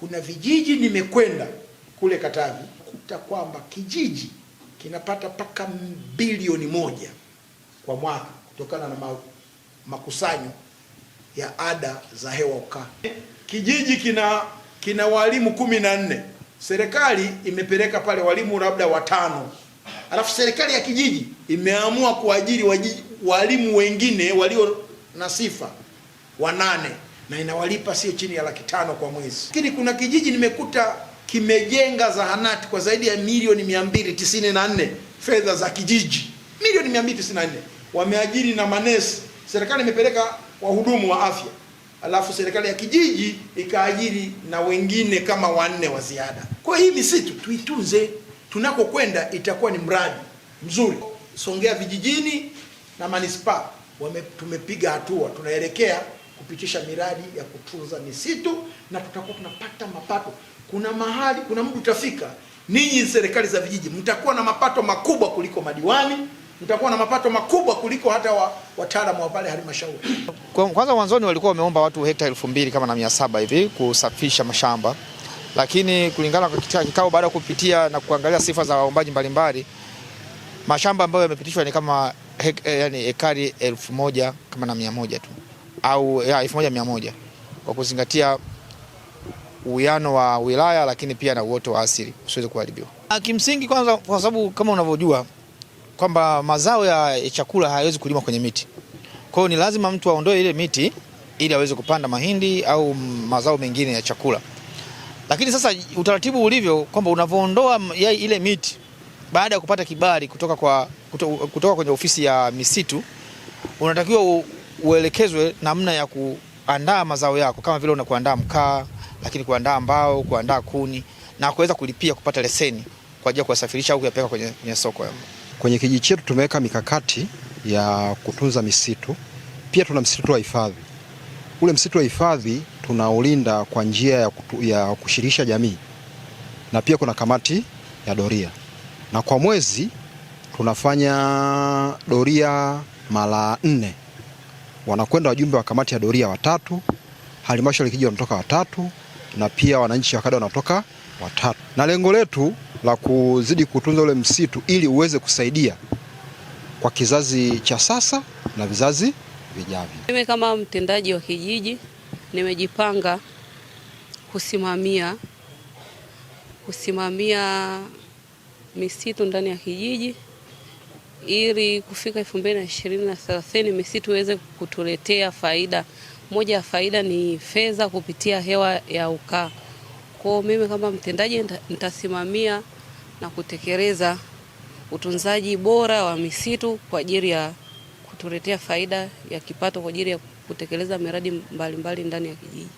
Kuna vijiji nimekwenda kule Katavi kuta kwamba kijiji kinapata mpaka bilioni moja kwa mwaka kutokana na makusanyo ya ada za hewa ukaa. Kijiji kina kina walimu kumi na nne, serikali imepeleka pale walimu labda watano, alafu serikali ya kijiji imeamua kuajiri walimu wengine walio na sifa wanane na inawalipa sio chini ya laki tano kwa mwezi. Lakini kuna kijiji nimekuta kimejenga zahanati kwa zaidi ya milioni nne fedha za kijiji, milioni 294. Wameajiri na manesi, serikali imepeleka wahudumu wa afya, alafu serikali ya kijiji ikaajiri na wengine kama wanne wa ziada. Kwa hii misitu tuitunze, tunakokwenda itakuwa ni mradi mzuri. Songea vijijini na manispaa tumepiga hatua, tunaelekea kupitisha miradi ya kutunza misitu na tutakuwa tunapata mapato. Kuna mahali, kuna mtu utafika, ninyi serikali za vijiji mtakuwa na mapato makubwa kuliko madiwani, mtakuwa na mapato makubwa kuliko hata wataalamu wa pale halmashauri. Kwanza mwanzoni walikuwa wameomba watu hekta elfu mbili kama na mia saba hivi kusafisha mashamba, lakini kulingana katika kikao, baada ya kupitia na kuangalia sifa za waombaji mbalimbali, mashamba ambayo yamepitishwa ni kama hek, eh, yani ekari elfu moja kama na mia moja tu au elfu moja mia moja kwa kuzingatia uwiano wa wilaya lakini pia na uoto wa asili usiweze kuharibiwa. Ah, kimsingi kwanza, kwa sababu kama unavyojua kwamba mazao ya chakula hayawezi kulimwa kwenye miti, kwa hiyo ni lazima mtu aondoe ile miti ili aweze kupanda mahindi au mazao mengine ya chakula. Lakini sasa utaratibu ulivyo kwamba unavyoondoa ile miti baada ya kupata kibali kutoka, kwa, kutoka kwenye ofisi ya misitu unatakiwa uelekezwe namna ya kuandaa mazao yako kama vile una kuandaa mkaa, lakini kuandaa mbao, kuandaa kuni na kuweza kulipia kupata leseni kwa ajili ya kuyasafirisha au kuyapeleka kwenye, kwenye soko. Kwenye kijiji chetu tumeweka mikakati ya kutunza misitu. Pia tuna msitu wa hifadhi. Ule msitu wa hifadhi tunaulinda kwa njia ya, ya kushirikisha jamii na pia kuna kamati ya doria, na kwa mwezi tunafanya doria mara nne wanakwenda wajumbe wa kamati ya doria watatu, halmashauri kijiji wanatoka watatu, na pia wananchi wa kada wanatoka watatu, na lengo letu la kuzidi kutunza ule msitu ili uweze kusaidia kwa kizazi cha sasa na vizazi vijavyo. Mimi kama mtendaji wa kijiji nimejipanga kusimamia kusimamia misitu ndani ya kijiji ili kufika elfu mbili na ishirini na thelathini misitu iweze kutuletea faida. Moja ya faida ni fedha kupitia hewa ya ukaa. Kwa mimi kama mtendaji nitasimamia na kutekeleza utunzaji bora wa misitu kwa ajili ya kutuletea faida ya kipato kwa ajili ya kutekeleza miradi mbalimbali mbali ndani ya kijiji.